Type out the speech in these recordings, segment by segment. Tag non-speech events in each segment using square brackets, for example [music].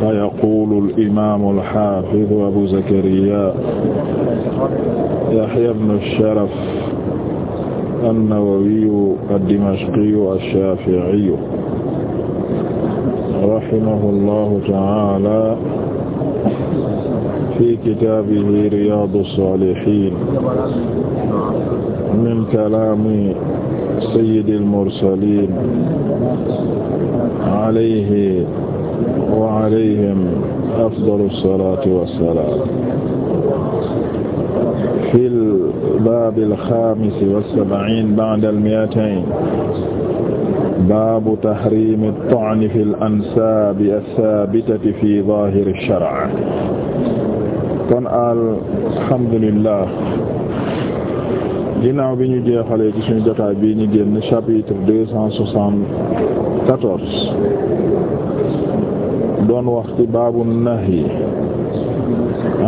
فيقول الإمام الحافظ أبو زكريا يحيى بن الشرف النووي الدمشقي الشافعي رحمه الله تعالى في كتابه رياض الصالحين من كلام سيد المرسلين عليه wa alayhim afdalu salaati wa salaam fil baabil xaamis wa sab'iin ba'dal mi'atayn baabu tahriimi at-ta'ni fil ansaabi as-saabitati fi zaahiri ash-shar'i kon alhamdulillah ginnaaw bi ñu jeexalee ci suñu jotaay bii ñu génn chapitre deux cent soixante-quatorze doon wax ci baabu nahyi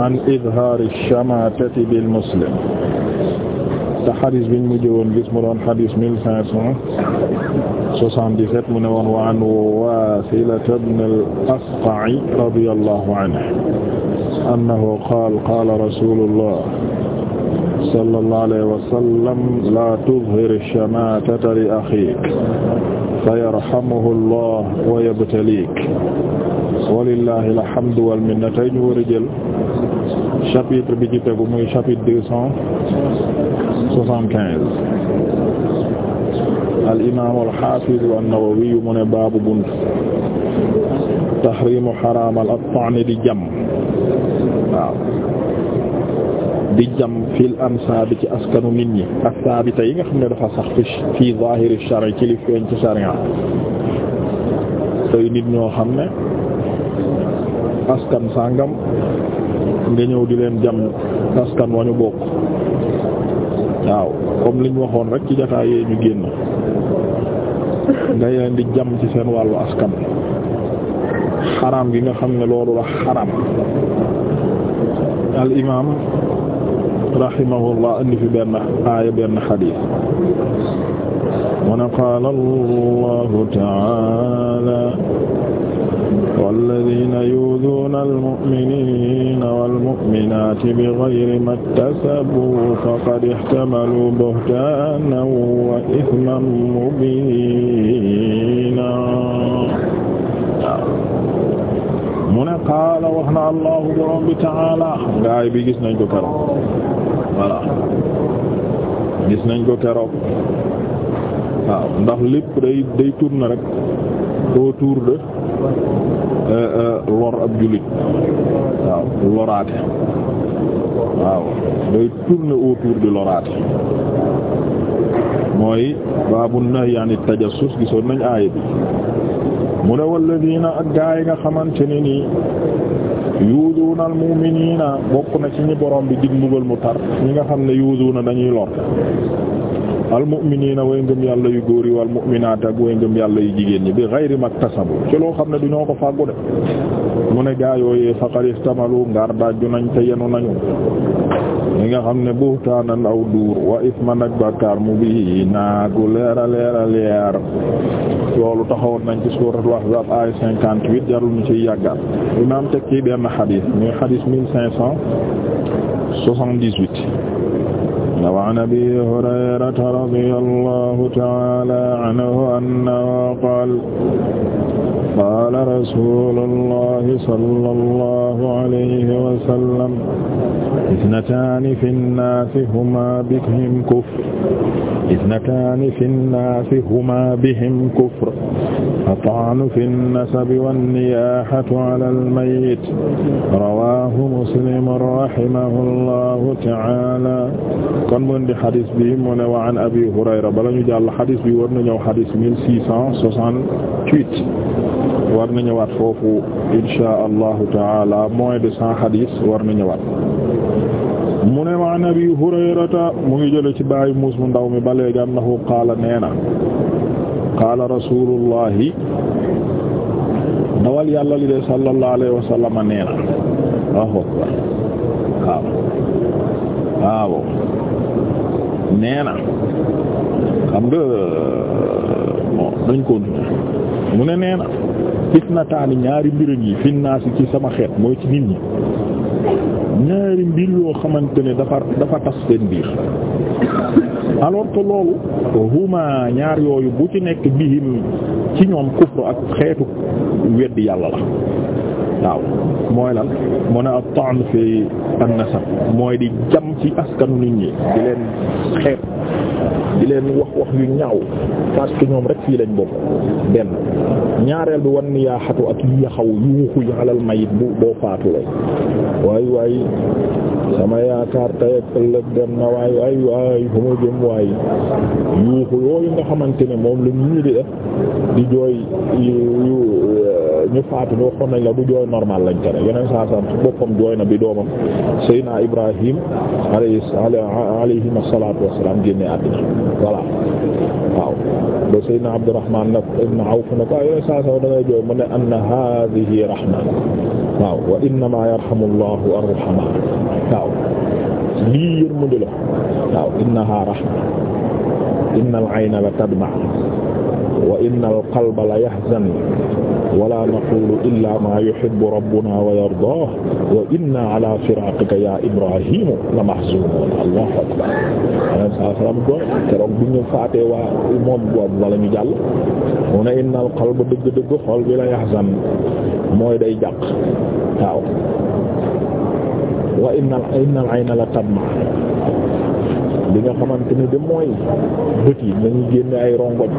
an izhaar ash-shamaatati bil muslim te xadis biñ mu jëwoon gis mu doon xadis mille cinq cent soixante-dix-sept mu ne woon wa an Waasilata ibn al-Asqa' radiyallahu anhu annahu qaala qaala rasuulullah sallallahu alayhi wa sallam laa tuzhir shamaatata li axiik fayarhamuhu Allah wa yabtaliik walillahi alhamdu wal minna tey ñu war a jël chapitre bi ci tegu muy chapitre deux cent soixante-quinze al imaamu al xaafidu an-Nawawi mu ne baabu bunt tahriimu xaraamal at-ta'n di jam waaw di jam fil ansaabi ci askanu nit ñi ak saabita yi nga xam ne dafa sax fi zaahiri shari ci li feeñ ci sharia tey nit ñoo xam ne askan sàngam nga ñëw di leen jam askan wañu bokk waaw comme liñ waxoon rek ci jataay yee ñu génn nga leen di jam ci seen wàllu askan xaram gi nga xam ne loolu la xaram al rahimahullah indi fi benn aaya benn xadiis mu ne qaala allahu taala walladina yuuduuna almuminina walmuminaati bigayri ma ktasabu faqad ixtamaluu buhtaanan wa isman mubiina mu ne qaala wax na allahu borom bi taala ngaay bi gis nañ ko karam voilà gis nañ ko keroog waaw ndax lépp day day rek autour de euh, euh, lor ab jullit waaw loraate waaw day tourner autour de loraate mooy baabu nahy an tajassus gisoon nañ aaya bi mu ne walladina ak gaa yi nga xamante ne nii yuuzuuna al-mu'miniina bokk na ci ñi borom bi dig mbugal mu tar ñi nga xam ne yuuzuuna dañuy lor al-mu'miniina way ngëm yàlla yu góor yi wal-mu'minaat ak way ngëm yàlla yu jigéen ñi bi ghayri maktasabu ci loo xam ne du ñoo ko fàggu de mu ne gaa yooyee faqad istamalu ngaar daaju nañ te yenu nañu li nga xam ne buhtaanan aw duur wa isman ak bàkkaar mu bi naa gu leer a leer a leer loolu taxawoon nañ ci suuratul ahzaab ay cinquante-huit jarul ñu ciy yàggaat imaam teg ci benn xadiis muy xadiis mille cinq cent soixante-dix-huit wa an abi hurayrata radiyallahu ta'ala anhu annahu qaala qaala rasuulullahi sallallahu alayhi wa sallam isnataani fi nnaasi humaa bihim kufr isnataani fi nnaasi humaa bihim kufr at-ta'nu fi nnasabi wan-niyaahatu alal mayyit rawaahu muslim rahimahullahu ta'aala kon mu di xadis bi mu ne wa an abi hurayra bala ñu jàll xadis bi war na ñëw xadis 1668 war na ñëwaat foofu insha allahu taala de cent hadis war na ñëwaat mu ne ma nabi hurayrata mu ngi jële ci bàyyi muus mu ndaw mi ba léegi annahu qaala nee qaala rasulullahi dawal yàlla li de sallallahu alayhi wa sallama nee na waaw waaw nee na xam nga ne nee fitnataani ñaari mbir yi finnaasi ci sama xeet mooy ci nit ñi ñaari mbir yoo xamante ne dafa dafa tas seen biir alors que loolu huma ñaar yooyu bu ci nekk bihim ci ñoom kufru ak xeetu weddi yàlla la waaw mooy lan mu ne at-ta'n fi nasab mooy di jam ci askanu nit ñi di leen xeet di leen wax wax yu ñaaw parce que ñoom rek fii lañ bokk benn ñaareel bi wan ni yaa xatu ak yi yaxaw yuuxu yi alal mayit bu boo faatu lay waay waay sama yaakaar tey ak ëllëg waay ay waay fa ma waay yuuxu yooyu nga xamante ne moom la ñii di def di jooy yu eh, ñu faatu ñu waxoon nañ la du jooy normal lañ tere yeneen saa saa boppam jooy na bi doomam Seydina Ibrahim alayhi alayhi salaatu wassalaam génne àddina voilà waaw ba Seydina na ko ay yeneen saa saa da ngay jooy mu ne anna haadihi rahma waaw wa innamaa yarhamu Allahu arhamaa waaw lii yërmande la waaw innaha rahma inna al ayna la tadma wa inna al qalba la yahzan wala naqulu illa ma yuhibbu rabbuna wa yardah wa inna ala firaqika ya ibrahim la mahzunun allahu akbar alayhi salaam ko keroog bi ñu faatee waa moom boobu wala ñu jàll mu ne inna al qalba dëgg-dëgg xol bi la yahzan mooy day jàq waaw wa innal innal ayna la tadma li nga xamante ni de mooy bët yi nañu génne ay rongoñ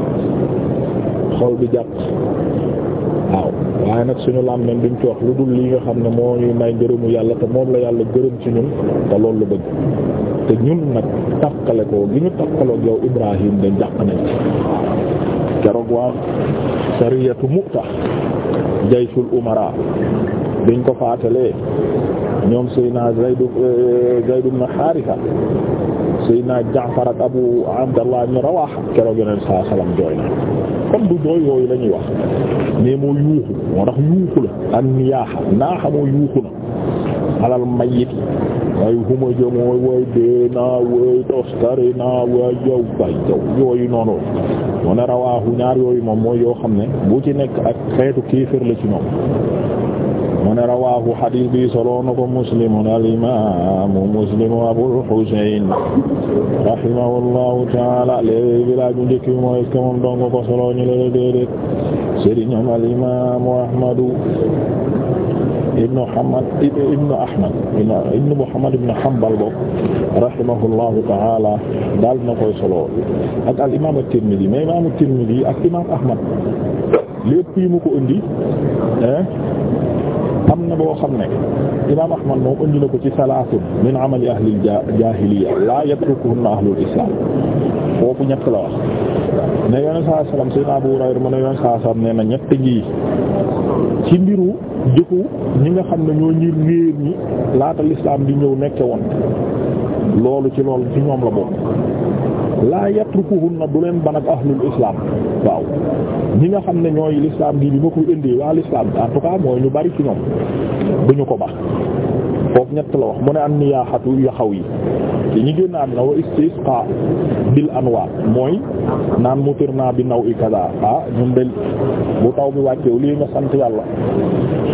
xol bi jàpp waaw waaye nag suñu làmmiñ duñ ci wax lu dul li nga xam ne moo ñuy may ngërëmu yàlla te moom la yàlla gërëm ci ñun te loolu la bëgg te ñun nag takkale ko gi ñu takkaloog yow Ibrahim dañ jàpp nañ ci keroog waa sariyatu Mu'ta jayshul umara biñ ko faatalee ñoom Seydina Zayd eh, Zayd ibn Haarisa Seydina Jaafar ak Abu Abdallah ibn Rawaaha keroog yeneen saa salaam jooy du jooy yooyu la ñuy wax mais moo yuuxu moo tax yuuxu la ak naaxa moo yuuxu alal mayit ay huma jëm mooy way dee naa way toskari naa yooyu noonu mu ne ñaar yooyu moom mooy yoo xam ne bu ci nekk ak xeetu kéefër la ci ñoom mu ne rawaahu xadis bi solo na ko muslimun al imaamu muslim abul husayn rahimahullahu taala léegi village bu njëkk bi mooy est-ce que moom dong ko solo ñu leen déedéet sëriñam al imaamu ahmadu ibnu Muhammad ibnu Ahmad ibnu Muhammad ibnu Hanbal bokk rahimahullahu taala daal na koy solo ak al imaam at-Tirmidhi mais imaam at-Tirmidhi ak imaam Ahmad lépp yi mu ko indi am na boo xam ne imaam Ahmad moom indi na ko ci salaasun min amali ahli jaahiliya laa yatrukuhunna ahlul islam foofu ñett la wax ne yoneen saa salaam Seydina Abu Hurayra mu ne yoneen saa salaam nee na ñett ngi ci mbiru jëfu ñi nga xam ne ñoo ñi réer ñi laata l'islam di ñëw nekke woon loolu ci lool ci ñoom la bokk laa yatrukuhunna du leen ban ak ahlul islam waaw ñi nga xam ne ñooy l'islam gi bi ma koy indee waa l'islam en tout cas mooy ñu bari ci ñoom duñu ko ba foofu ñett la wax mu ne an niyaaxatu yu xaw yi te ñi génn àddina wa istisqa bil anwaar mooy naan mutirna bi naw i kada ah ñun de bu taw bi wàcceew lii nga sant yàlla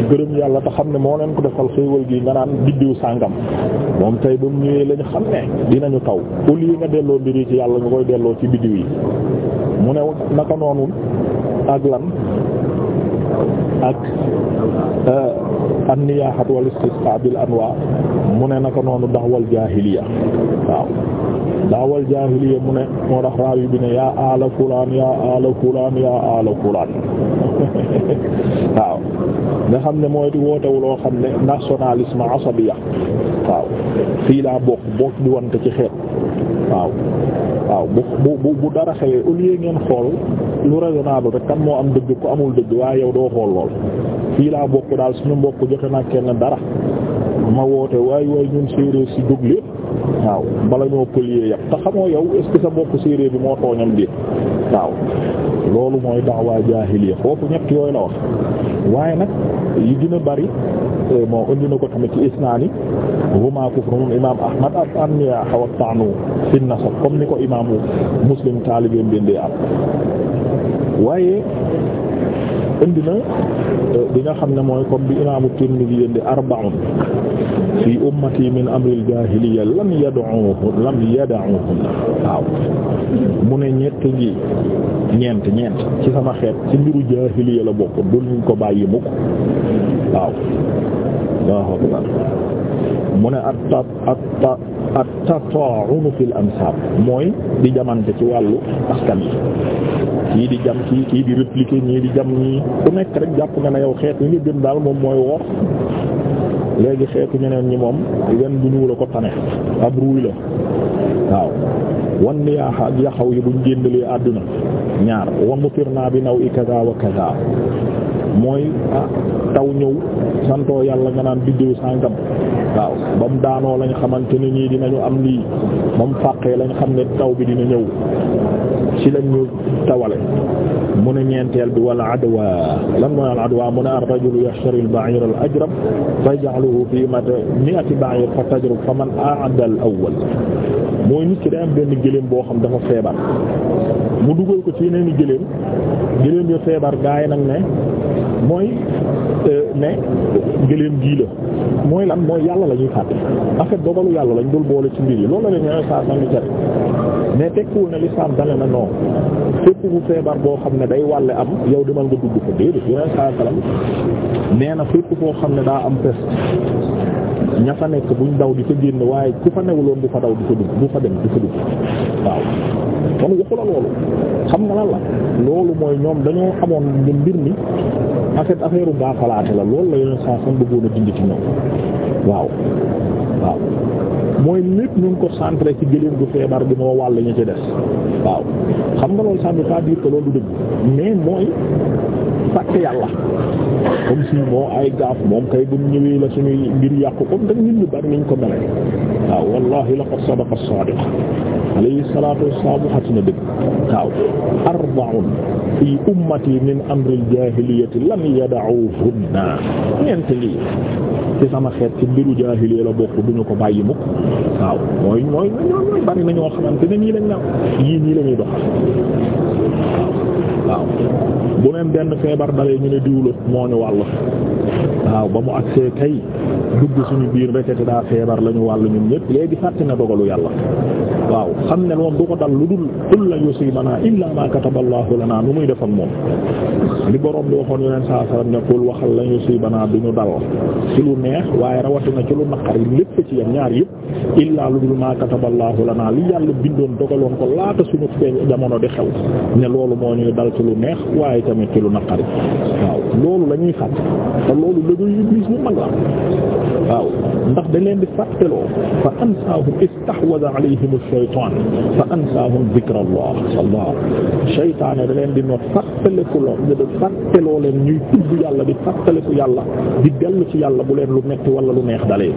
gërëm yàlla te xam ne moo leen ko defal xéewal gi nga naan biddiw sàngam moom tey ba mu ñëwee lañu xam ne dinañu taw au lieu nga delloo mbir ci yàlla nga koy delloo ci biddiw yi mu ne naka noonu ak ak euh, an-niyaahat wal istisqa bil anwa mu ne naka noonu da'wal jaahiliya waaw da'wal jaahiliya mu ne moo tax raawi bi ne yaa aala fulaan yaa aala fulaan yaa aala fulaan [laughs] waaw nga xam ne mooy di wootewu loo xam ne nationalisme asabiya waaw fii laa bokk bokk di wante ci xeet waaw waaw bu bu bu dara xewee au ngeen xool lu raisonnable rek kan moo am dëgg ku amul dëgg waaye yow doo xool lool fii laa bokk daal suñu mbokk jote naa kenn dara ma woote waaye waay ñun séeréer si dugg waaw bala ñoo pëliyee yàq te xamoo yow est ce sa mbokk séeréer bi moo tooñam déet waaw loolu mooy da'wa jaahiliya foofu ñett yooyu la wax waaye nag yi gën bari eh, moo indi na ko tamit ci isnaani huma kufrun imaam fi nasab comme ni ko imaamu Muslim taalibeem bindee am waaye indi na euh, bi nga xam ne mooy comme bi imaamu Tirmidhi yëndi arba'un fi ummati min amril jaahiliyya lam yad'uhu lam yad'uhu waaw mu ne ñett ngi ñeent ñeent ci sama xeet ci mbiru jaahiliyya la bokk duñ ko bàyyi mukk waaw waaw mu ne atta atta at-tata'un fil ansab mooy di jamante ci wàllu askan bi kii di jam kii kii di répliquer ñii di jam ñii ku nekk rek jàpp nga ne yow xeet yi nga gën daal moom mooy woor léegi xeetu ñeneen ñi moom wen bu ñuul a ko tane ab ruuy la waaw wan ni yaa yaxaw yi buñ génn àdduna ñaar wa mutirna bi naw i kaza wa kaza mooy ah, taw ñëw santoo yàlla nga naan biddiw sàngam waaw ba mu daanoo lañ xamante ne ñii dinañu am lii ba mu fàqee lañ xam ne taw bi dina ñëw ci lañ tawale mu ne ñeenteel bi wal adwa lan mooy al adwa mu ne ar rajulu yashtari al ba'ir al ajrab fa yaj'aluhu fi mi'ati ba'ir fa tajrub fa man a'adda al awwal mooy nit ki day am benn gëléem boo xam dafa feebar mu dugal ko ci yeneen i gëléem ya feebar gaay nag ne mooy euh, ne gëléem gii la mooy lan mooy yàlla la ñuy fàtte en fait yàlla lañ dul boole ci mbir yi loolu la ñuy saa san li cat mais tekkiwul na lislaam dane na non fépp feebar boo xam ne day wàlle am yow demal nga dugg ko déedéet yeneen na fépp foo xam ne daa am peste ña fa nekk buñ daw di fa génn waaye ku fa newuloon bu fa daw di fa dugg bu fa dem di fa dugg waaw kon waxu la loolu xam nga lan la loolu mooy ñoom dañoo xamoon ne mbir mi en fait affaire u gaafalaate la loolu la yeneen saa san bëggoon dindi ci ñoom waaw waaw mooy lépp ñu ko centré ci gëléem gu feebar bi moo wàll ñu ci des waaw xam nga loolu ça veut pas dire loolu du mais mooy fàtte yàlla comme si moo ay gaaf moom kay bu ñëwee la suñuy mbir yàqu comme dañ nit ñu bari niñ ko mele waaw wallahi laqad sadaqa as-sadiq alayhi salaatu wassalaam waxati na dëgg waaw arba'un fii ummati min amril jaahiliyati lam yada'uhunna ñeent lii ci sama xeet ci mbiru jaahiliya la bokk duñu ko bàyyi mukk waaw mooy mooy bari na ñoo xamante ne nii lañ na yii nii la ñuy waaw bu neen benn feebar dalee ñu ne diwla moo ñu wàll waaw ba mu agsee kay dugg suñu biir rekete daa feebar la ñu wàll ñun ñépp léegi fàtte na dogalu yàlla waaw xam ne loolu du ko dal lu dul kul la yusibanaa illaa maa kataballaahu lanaa nu muy def ak moom li borom bi waxoon yeneen saa salam ne kul waxal la yusibanaa du ñu dal ci lu neex waaye rawatina ci lu naqari lépp ci yam ñaar yëpp illaa lu dul maa kataballaahu lanaa li yàlla bindoon dogaloon ko laata suñu fee jamono di ne loolu moo ñuy dal ci lu neex waaye tamit ci lu naqari waaw loolu la ñuy fàtt te loolu lëgëy iblis bu mag la waaw ndax da leen di fàtteloo fa ansaahum istahwaza alayhim shaytaan fa ansaahum zikrallah allah shaytaane da leen di noot fàttaliku loo di fàttaloo leen ñuy tudd yàlla di fàttaliku yàlla di dellu ci yàlla bu leen lu metti wala lu neex dalee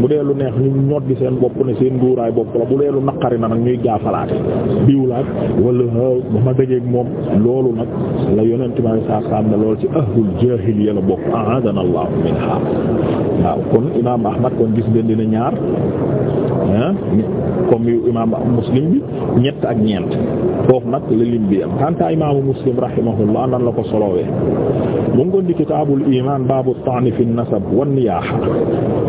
mu dee lu neex ñu ñot di seen bopp na seen duuraay bopp la bu dee lu naqari na nag ñuy gaafalaate diwlaat wala ah, ba ma dajeeg moom loolu nag la yonent bi sallallahu alayhi wasallam ne ci ahlul jaahiliya la bokk a'adana allah minha waaw kon imaam ahmad kon gis ngeen dina ñaar ah, imaam muslim bi ñett ak ñeent foofu nag la lim bi am kanta imaamu muslim rahimahullah nan la ko solowee mu ngi ko di kitaabul iman baabu taani fi nasab wan niyaaha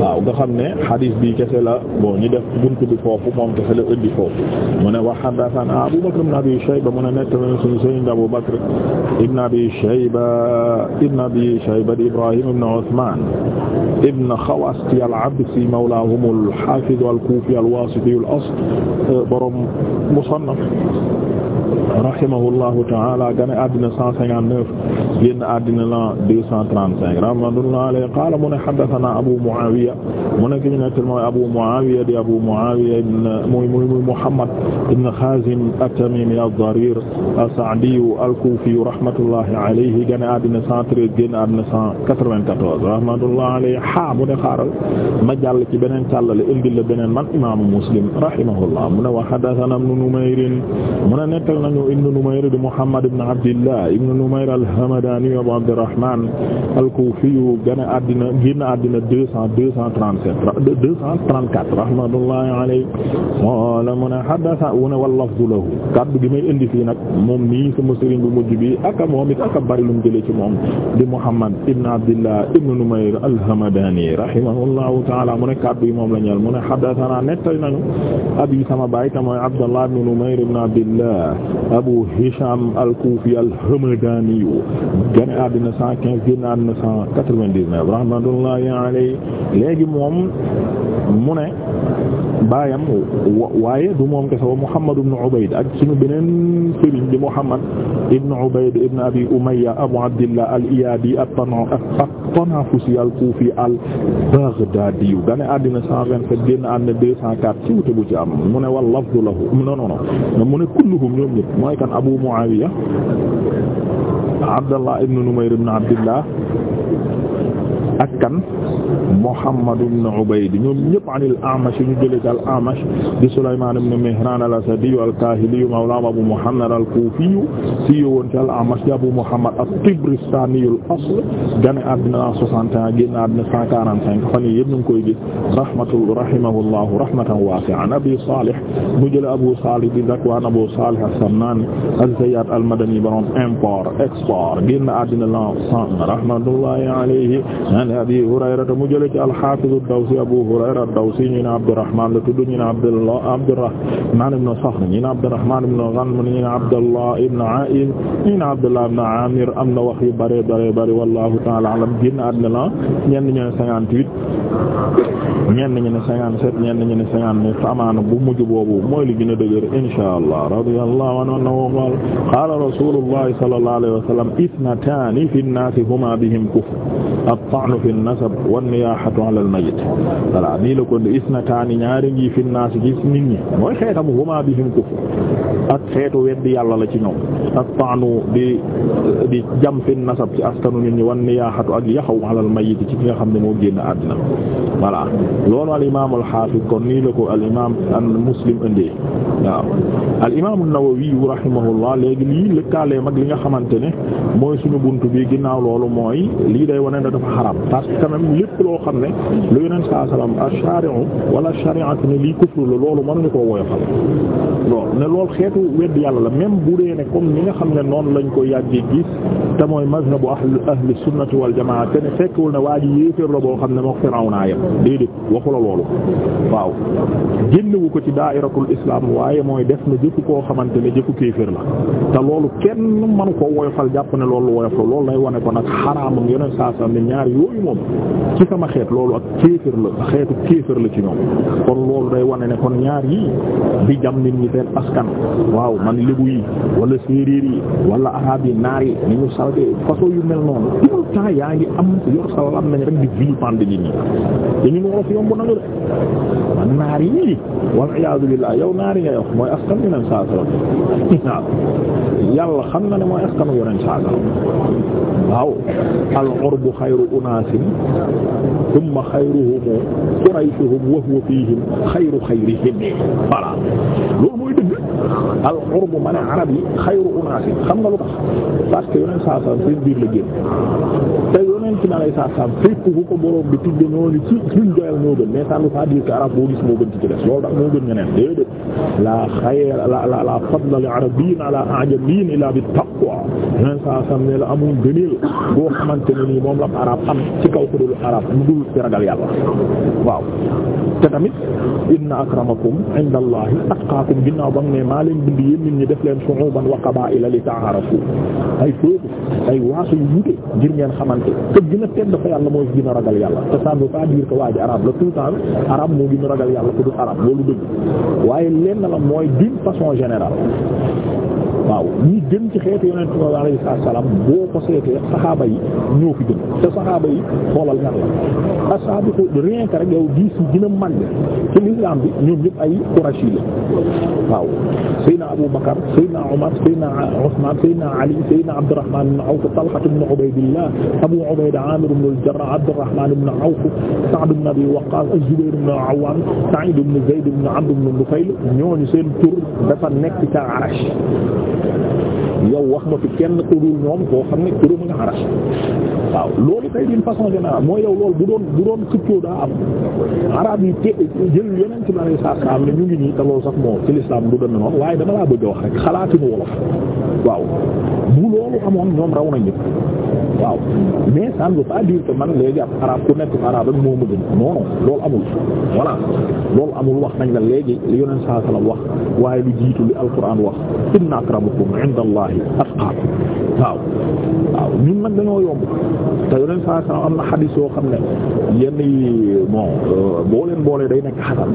waaw nga xam ne hadis bi kese la bon ñu def buntu bi foofu moom kese la indi foofu mu ne wa haddathana abu bakr ibn abi shayba mu ne nett na suñu sëriñ abu bakr ibn abi shayba ibn abi shayba di ibrahim ibn uthman ibn khawasti al absi mawlahum al hafiz al kufi al wasiti al asl borom musannaf rahimahullahu ta'ala gane àddina cent cinquante-neuf génn àddina la 235 rahmatullahi alayhi qaala mu ne haddathana Abu Muawiya mu ne ki ñu nettal mooy Abu Muawiya di Abu Muawiya ibn muy muy muy Muhammad ibn Khazim at-Tamimi ad-Darir as-Sa'di al-Kufi rahmatullahi alayhi génn àddina 113 génn àddina 194 rahmatullahi alayhi ha mu ne xaaral ma jàll ci beneen càllale indil la beneen man imaamu Muslim rahimahullah mu ne wa haddathana ibn Numayr mu ne nettal nañu ibn Numayr di Muhammad ibn Abdillah ibn Numayr al-Hamdani al-Madani Abu Abdurrahman al-Kufi gën a addina génn addina deux cent deux cent trente-sept deux cent trente-quatre rahmatullahi alayhi wala mu ne hadatha wu ne wal lafdu lahu kaddu gi may indi fii nag moom nii sama sëriñ bu mujj bi aka moom it aka bari lu mu jëlee ci moom di Muhammad ibn Abdillah ibn Numayr al-Hamadani rahimahullahu ta'ala mu ne kaddu yi moom la ñeel mu ne hadathana nettali nañu abi sama baay mooy Abdullah ibn Numayr ibn Abdillah Abu Hisham al-Kufi al-Hamadani génn àddina cent quinze génn àddina cent quatre-vingt-dix-neuf rahmatullahi alayhi léegi moom mu ne baayam waaye du moom kese wa Muhammad ibn Ubayd ak suñu beneen sëriñ bi Muhammad ibn Ubayd ibn Abi Umayya Abu Abdillah al-Iyadi at-Tanafusi al-Kufi al-Baghdadi génn àddina cent vingt-sept génn àddina deux cent quatre ci wute bu ci am mu ne wal lafdu lahu non non non mu ne kulluhum ñoom ñëpp mooy kan Abu Muawiya Abdallah ibn Numayr ibn Abdillah ak kan Muhammad ibn Ubayd ñoom ñëpp an al-A'mash ñu jëlee ci al-A'mash di Sulaymaan ibn Mihraan al-Asadi al-Kaahili mawla Abu Muhammad al-Kuufi si yowoon ci al-A'mash di Abu Muhammad at-Tibristaani al-asl gane àddina 61 génn àddina 145 fan yii yëpp ñu ngi koy gis rahmatu rahimahullahu rahmatan waasi'an Abi Saalih mu jëlee Abu Saalih di Zakwaan Abu Saalih as-Sammaan az-Zayyaat al-Madani baroon import export génn àddina 100 rahmatullahi alayhi an abi hurayrata mu jële ci alxafizu dawsi abu hurayra dawsi ñu ne abdurrahman la tudd ñu ne abdullah abdurrahman ibn saxr ñu ne abdurrahman ibn ganm ñu ne abdullah ibn aib ñu ne abdullah ibn amir am na wax yu bare bare bare wallahu taala alam génn àddina la ñenn ñu ne cinquante-huit ñenn ñi ne cinquante sept ñenn ñi ne cinquante neuf bu mujj boobu mooy li gën a dëgër inshaa Allah radiyallahu anhu annahu qaala qaala fi nnaasi huma bihim kufr at-ta'nu fi an-nasab wan-niyaahatu ala al-mayyit voilà la ko ithnataani ñaari ngi fi nnaasi gis nit ñi mooy xeetam huma bihim kufr ak xeetu weddi yàlla la ci ñoom at-ta'nu di jam fi nasab ci askanu nit ñi wan-niyaahatu ak yaxaw ala al-mayyit ci ki nga xam ne moo génn àddina voilà loolu al imaam al xaafis kon nii la ko al imaam an muslim indee waaw al imaam an-Nawawi rahimahullah léegi lii lëkkaalee mag li nga xamante ne mooy suñu bunt bi ginnaaw loolu mooy lii day wane na dafa xaram parce que quand même lépp loo xam ne lu yeneen sa salaam ash-shari'u wala ash-shari'atu ne lii kufru la loolu mënuñu koo woyofal loolu ne loolu xeetu wedd yàlla la même bu dee ne comme ni nga xam ne noonu lañ ko yàggee gis. te mooy mazhabu ahli sunnati wal jamaa te ne fekkwul ne waa ji yéeféer la boo xam ne moo Firawna yam déedéet waxu la loolu waaw génnewu ko ci daa'iratul islam waaye mooy def na jëfu koo xamante ne jëfu kéeféer la te loolu kenn manu ko woyofal jàpp ne loolu woyof la loolu lay wane ko nag xaraamam yeneen saa saa ne ñaar yooyu moom ci sama xeet loolu ak kéeféer la xeetu kéeféer la ci ñoom kon loolu day wane ne kon ñaar yii di jam nit ñi seen askan xaw de façon yu mel noonu tout le yaa ngi am yor sa lam nañ rek di vie pande di te ñu wolof yomb nañu de man naar yi wal iyaadu billaah yow naari yi ngay mooy askan yu neen saa salaam waaw xam na ne mooy askan yu neen saa salaam waaw al urbu xayru unaasin thumma xayruhum quraytuhum wa huwa fiihim xayru xayrihim voilà loolu mooy al xurbu ma ne arab yi xayru unaasi xam nga lu tax parce que yoneen saa saa seen biir la génn yonent bi alayhi salaam fekk bu ko borom bi tudde noonu ci luñ doyal moo gën mais ça ne veut pas dire que arab boo gis moo gën ci ci des loolu daal moo gën ñeneen déedéet la xayr la la la fadla li arabiyyin ala ajamiyyin illa bi taqwa yonent saa sam ne la amul gëneel boo xamante ne nii moom la arab am ci kaw ko dul arab lu dul ci ragal yàlla waaw te tamit inna akramakum inda allahi atqaakum ginnaaw ba mu ne maa leen bind yéen nit ñi def leen shu'uban wa qabaa'ila li ta'arafu ay foofu ay waaso yu wute ngir ngeen xamante gën a tedd yàlla mooy gën a ragal yàlla te ça ne veut pas dire que waa la tout le temps arabe moo gën a ragal yàlla ku dul arabe loolu dëgg waaye lenn la mooy d'une façon générale waaw ñi gën ci xeetu yonent bi alayhi salaam boo ko yi ñoo fi gën te saxaaba yi que rek yow diis yi gën a ci lislaam bi ñoom ñëpp ay Qurayshi la waaw Seydina Abu Bakar Seydina Umar Seydina Usman Seydina Ali Seydina Abdurrahman ibn Awf Talha ibn Ubaydillah Abu Ubayda Amir ibn al-Jarrah Abdurrahman ibn Awf Sa'd ibn Abi Waqqas az-Zubayr ibn Awwam Sa'id ibn Zayd ibn Amr ibn Nufayl ñooñu seen tur dafa nekk ca Arash yow wax ma fi kenn ku dul ñoom koo xam ne turam nga Arash waaw loolu kay d'une façon générale mooy yow loolu bu doon bu doon xëccoo daa am arab yi te jël yeneen ci ma lay saa am ne ñu ngi nii te loolu sax moo ci l'islam du demee noonu waaye dama laa bëgg wax rek xalaatuñu wolof waaw bu loolu amoon ñoom raw nañu waaw mais ça ne veut pas dire man léegi ab arab ku nekk arab rek moo ma gën non non loolu amul voilà loolu amul wax nañ la léegi li yoneen saa salaam wax waaye lu jiitu li alquran wax inna akramakum inda allahi atqaakum waaw waaw ñun nag dañoo yomb te yeneen saa saa am na xadis yoo xam ne yenn yi bon euh, boo leen boolee day nekk xasan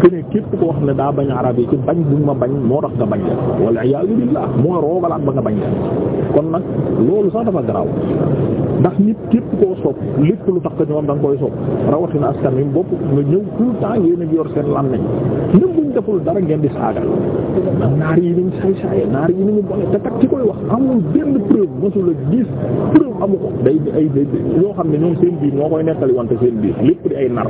que ne képp koo xam ne daa bañ arab yi ci bañ buñ ma bañ moo tax nga bañ leen wala iyaazu billaah mooy roogalaat ba nga bañ leen kon nag loolu sax dafa garaaw ndax nit képp koo sopp lépp lu tax ko ñoom da nga koy sopp rawatina askan wi bopp nga ñëw tout le temps yéen a ngi yor seen lan lañ. deful dara ngeen di saaga naar yi niñ saay saaye naar yi niñu bone te tak ci koy wax amul benn preuve mosul a gis preuve amu ko day ay day yoo xam ne ñoom seen biir moo koy nekkali wante seen biir lépp di ay nar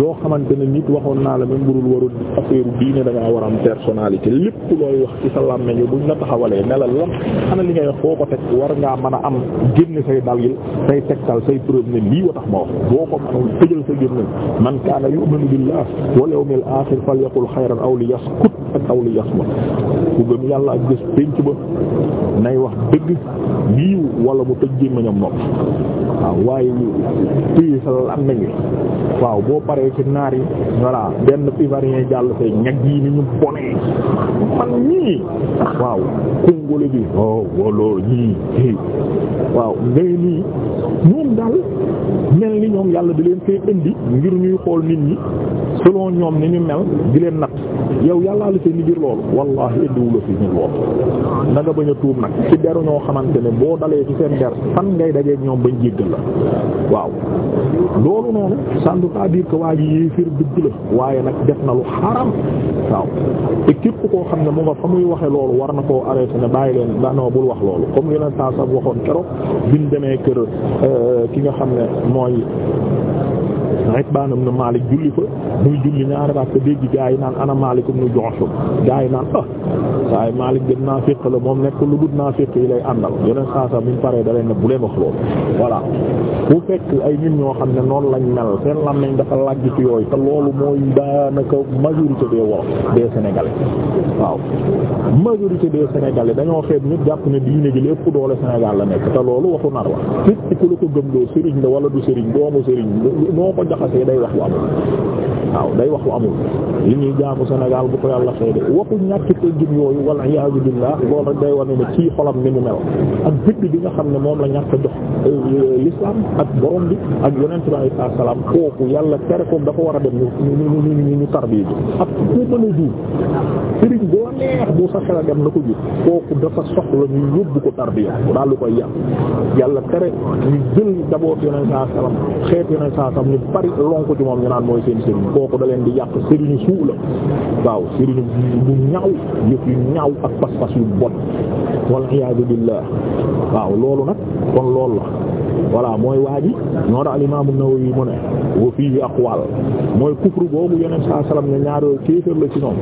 yoo xamante ne nit waxoon naa la même burul warul affaire diine da ngaa war am personnalité lépp looy wax ci sa làmmeñ yi buñ la taxawalee nelal la ana li ngay wax foo ko teg war ngaa man a am génn say dalil say tegtal say preuve ne lii wa ta ma wax boo ko yaqul xayran aw li yaskut ak aw li yasmut ku gëm yàlla ak gis pénc ba nay wax dëgg yiiw wala mu tëj gémmiñam nopp waaw waaye pays am làmmiñ wi waaw boo paree ci naar yi voilà benn ivoirien jàll fee ñag yi ni ñu bonee man oh, ñii waaw kongole bi waaw waloolu ñii waaw ngay nii ñoom daal mel ni ñoom yàlla di leen fee indi ngir ñuy xool nit ñi selon ñoom ni ñu mel di leen nat yow yàllaa la fee ni ngir loolu wallahi indiwu la fi ñu loolu na nga a tuub nag ci deru ñoo xamante ne boo dalee ci seen der fan ngay dajeek ñoom bañ jéggal waaw loolu noonu ça ne veut pas dire waaye nag def na lu xaram waaw te képp koo xam ne mu nga fa muy waxe loolu war na koo arrêté ne bàyyi leen ndax non bul wax loolu comme yeneen saa sa waxoon keroog biñ demee kër euh, ki nga xam ne mooy Itbaan ibn Maalik julli fa muy julli ñaari rakka dégg gaa yi naan ana Maalik nu Ju'shum gaa yi naan ah waaye Maalik gën naa féq la moom nekk lu dul naa féq yi lay àndal yeneen saa sa biñ paree da leen ne bu leen wax loolu voilà bu fekk ay nit ñoo xam ne noonu lañ mel seen lam nañ dafa làgg ci yooyu te loolu mooy daanaka majorité des wolof des sénégalais waaw majorité des sénégalais dañoo xeet nit jàpp ne diine ji lépp doole Sénégal la nekk te loolu waxu nar la képp ku la ko gëmloo sëriñ la wala du sëriñ doomu sëriñ noo ko jaxasee day wax lu amul day wax lu amul li ñuy jaamu Sénégal bu yàlla xëy de waxu ñàkk te jub yooyu wala iyaazu billah loolu rek day ne ci xolam ni mu mel ak bët bi nga xam ne moom la ñàkk jox l'islam ak borom bi ak yonent bi alayhi salaam kooku yàlla tere ko dafa war a dem ñu ñu ñu ñu tarbiya ji ak ku a jur sëriñ a na ko jur kooku dafa soxla ñu yóbbu ko tarbiya daal lu koy yàq yàlla tere ñu jël d'abord yonent saa salaam xeet yonent saa salaam ñu bari ñu naan mooy seen sëriñ da leen di yàq sëriñu suu la waaw sëriñu bu ñaaw yëf yu ñaaw ak pas-pas yu bon wal nag kon loolu la voilà mooy waaji ñoo da al imam mu ne wa fii aqwal mooy kufru boobu yeneen saa salaam ne ñaar la ci ñoom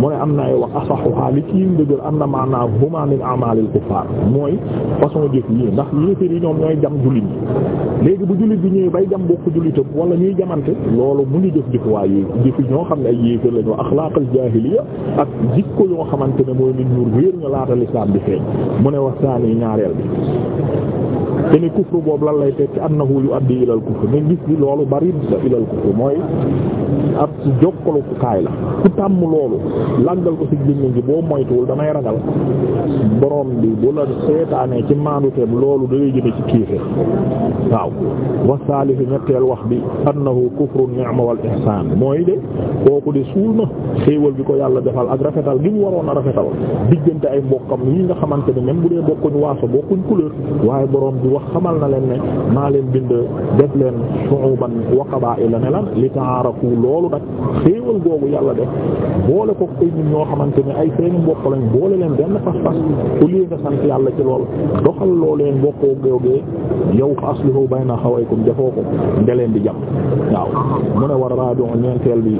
mu ne am na ay wax asaxuha li ci dëgër am na maanaam huma min a'malil kuffar mooy façon jëf yi ndax yéefër yi ñoom ñooy jam jullit yi léegi bu jullit bi ñëwee bay jam bokk jullitam wala ñuy jamante loolu mu ngi jëf jëf waay yi ñoo xam ne ay yéefër lañu axlaaqal ak jikko yoo xamante ne mooy nit ñu réer ñu laata l'islam bi feeñ mu bi kene kufru boobu lan lay tekki annahu yu addi ilal kufru nga gis bi loolu bari sa ilal kufru mooy ab ci jokkalukaay la ku tàmm loolu làggal ko ci gémmiñ gi boo moytuwul damay ragal boroom bi bu la seetaanee ci maanuteem loolu dalay jëme ci kiife waaw wasaalifi ñetteel wax bi annahu kufru ni'ma wal ihsaan mooy de kooku de suul na xéewal bi ko yàlla defal ak rafetal gi mu waroon a rafetal diggante ay mbokkam yi nga xamante ne même bu dee bokkuñ waaso bokkuñ couleur waaye boroom bi wax xamal na leen ne maa leen bind def leen shu'uban wa qabaa'ila ne xéewal googu yàlla def boole ko ay nit ñoo xamante ni ay seeni mbokk lañ boole leen benn pas-pas au lieu nga sant yàlla ci lool doxal loo leen mbokkoo googee yow fa aslihu bayna xawaykum jafoo ko nga leen di jàpp waaw mu ne war raadu ñeenteel bi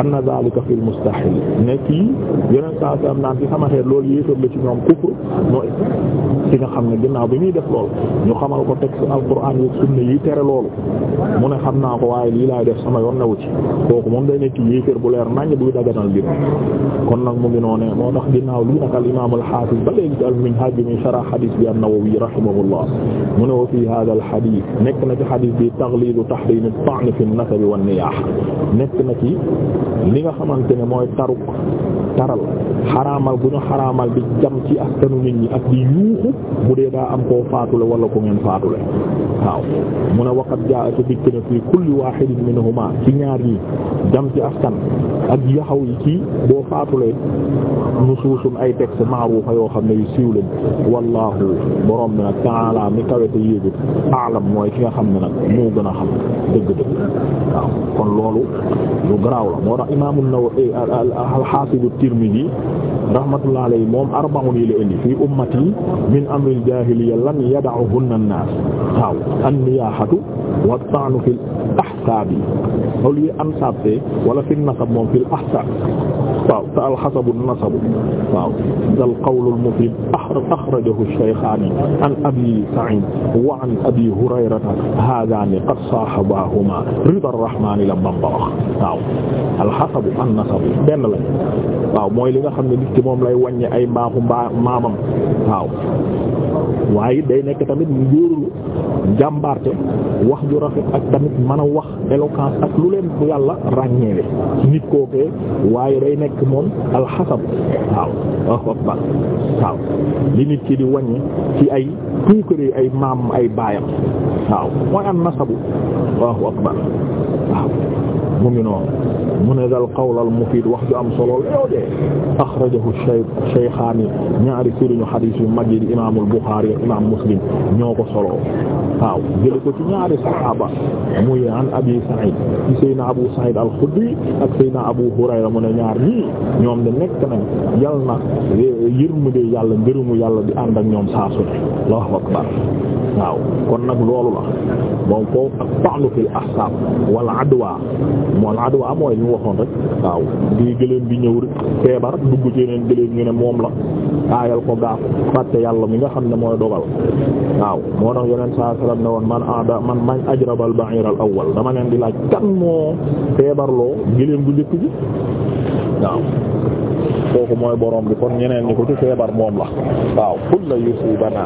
anna zalika fil mustahil nekk yi yeneen saa saa naan ci sama xeet loolu yéefar la ci ñoom kufr mooy ci nga xam ne ginnaaw bi muy def lool ñu xamal ko texte alquran yi sunna yi tere loolu mu ne xam naa ko waaye lii laay def sama yoon newu ci moom bu leer nañ buy daganal mbir kon nag mu ngi moo tax ginnaaw lii nag al imaam al xaafis ba léegi ci al minhaj bi muy sarah xadiis bi an-Nawawi rahimahullah mu ne wa fii hada xadiis nekk na ci xadiis bi taghliid tahriim at-ta'n fi an-nasab wa an-niyaax nekk na ci li nga xamante ne mooy taruk taral xaraamal bu ñu xaraamal bi jam ci askanu nit ñi ak di yuuxu bu dee daa am koo faatule wala ko ngeen faatule waaw mu ne waqad jaa'a fi kulli waahidin minhumaa ñaar yi jam ci askan ak yaxaw yi ci boo faatulee nusuusun ay textes maaruufa yoo xam ne yu siiw lañ wallaahu borom bi nag ta'ala mi kawe te yéegul aalam mooy ki nga xam ne nag moo gën a xam dëgg-dëgg waaw kon loolu lu garaaw la moo tax imaam an-Nawawi al-Haafid at-Tirmidhi rahmatullahi alayhi moom arba'un yi la indi fii ummati min amri al-jaahiliyya lam yad'uhunna an-naas waaw an-niyaahatu wat-ta'nu fil ahsaabi wala fi nasab moom bil ahsan waaw te alxasabu nasabu waaw dal qawlul mufiid axrajahu shaykhaani an abi sa'iid wa an abi hurayrata haadaani qad saahabahumaa ridaa rahmaani la Bamba wax waaw alxasabu an nasabu benn la waaw mooy li nga xam ne nit ki moom lay wàññi ay mbaaxu mbaa maamam waaw waaye day nekk tamit ngóorlu jàmbarte wax ju rafet ak tamit mën a wax éloquence ak lu leen bu yàlla ràññeewe nit kookee waaye day nekk moom alxasab waaw waaw akbar waaw li nit ki di wàññi ci ay puukare ay maam ay baayam waaw mooy am nasabu waaw akbar waaw mu ngi noonu mu ne dal qawl al mufid wax ju am solo yow de axrajahu shaykhaani ñaari sëriñu xadiis yu mag yi di imaamul Buxaari imaam Muslim ñoo ko solo waaw jële ko ci ñaari saxaaba muy an Abi Saïd ci Seydina Abu Saïd al-Xudri ak Seydina Abu Hurayra mu ne ñaar ñii ñoom de nekk nañ yal na eh, yërmande yàlla ngërëmu yàlla di ànd ak ñoom saa su ne Allahu akbar waaw kon nag loolu la moom foofu ak fa'lu fil ahsaab wal adwa mool adwa mooy ñu waxoon rek waaw di gëléem bi ñëw rek feebar dugg ci yeneen gëléem ñu ne moom la aayal ko gaaf fàtte yàlla mi nga xam ne mooy dogal waaw moo tax yeneen saa salaam ne woon man ada man mañ ajrabal ba'ir al awwal dama leen di laaj kan moo feebarloo gëléem bu njëkk ji waaw kooku mooy borom bi ko ñeneen ñi ko ci feebar moom la waaw qul la yusibana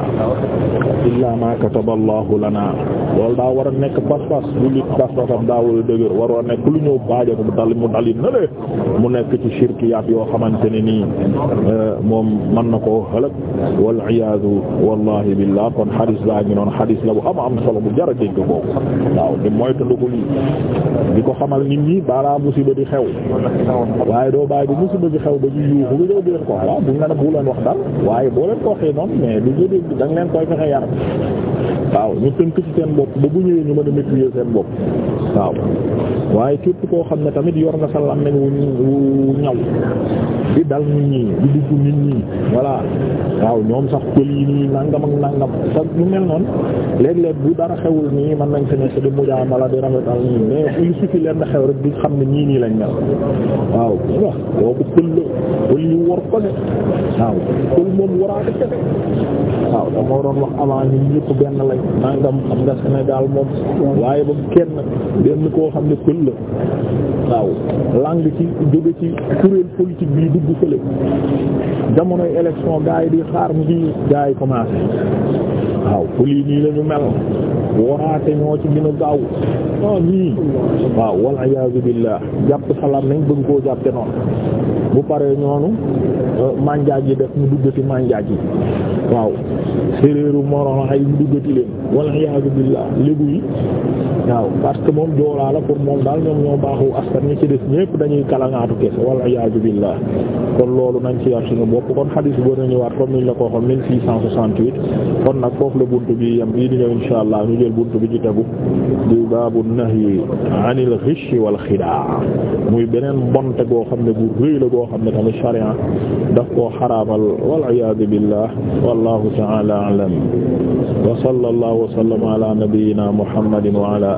illa ma kataba allahu lana loolu daa war a nekk pas-pas lu lit pas-pasam daa war a dëgër waroo nekk lu ñëw baajagu mu dal mu dalit na mu nekk ci shirkiyaat yoo xamante ne nii euh, moom mën na koo xëlëg wal iyaadu wallahi billah kon xadis baa ngi noon xadis la bu am am solo bu jara dégg boobu waaw di moytandiku lii di ko xamal nit ñi balaa musiba di xew waaye doo bàyyi bu musiba di xew ba ñu yuuxu bi doo leen ko wax waaw bu nga ne bu leen wax dal waaye boo leen ko waxee noonu mais du jëlee da nga leen koy fexe yar waaw ñu tënk ci seen bopp ba bu ñëwee ñu mën a maîtriser seen bopp waaw waaye képp koo xam ne tamit yor nga sa làmmiñ wu ñaw di dal nit di dugg nit ñi voilà waaw ñoom sax pël yi nii nangam ak nangam sax ñu mel noonu léeg-léeg bu dara xewul nii mën nañ fi nekk di mujaamala di rafetal nii mais il suffit leen xew rek di xam ne ñii nii lañ mel waaw wax kooku pël la war ko de waaw pël moom waraate kese waaw dama doon wax avant ñun ñëpp benn nangam xam nga Sénégal moom waaye ba kenn benn koo xam ne pël la waaw lang ci jóge ci kuréel politique bi dugg fële jamonoy élection gars di xaar mu di gars yi commencé waaw pël yi nii la ñu mel waraate ñoo ci gën gaaw ah nii waaw wal iyaazu billah jàpp salaam nañ bëgg koo jàppe noonu bu paree ñoonu manjaaj yi def ñu duggati manjaaj yi waaw séeréeru moroon xay ñu duggati leen walla iyaazu billaah lébu yi waaw parce que moom joolaa la pour moom daal ñoom ñoo baaxu askan ñi ci des ñépp dañuy kalaŋaatu kese wal iyaazu billah kon loolu nañ ci yar suñu bopp kon xadis bu gën a ñëwaat comme niñ la ko waxoon kon nag foofu la buntu bi yam bii di ñëw insha allah ñu jël buntu bi ci tegu di baabu nahyi anil ghish wal xidaa muy beneen bonte goo xam ne bu rëy la goo xam ne tamit sharia daf koo xaraamal wal iyaazu billah wallahu ta'ala a'lam wa sallallahu wa sallama ala nabiyyina muhammadin wa ala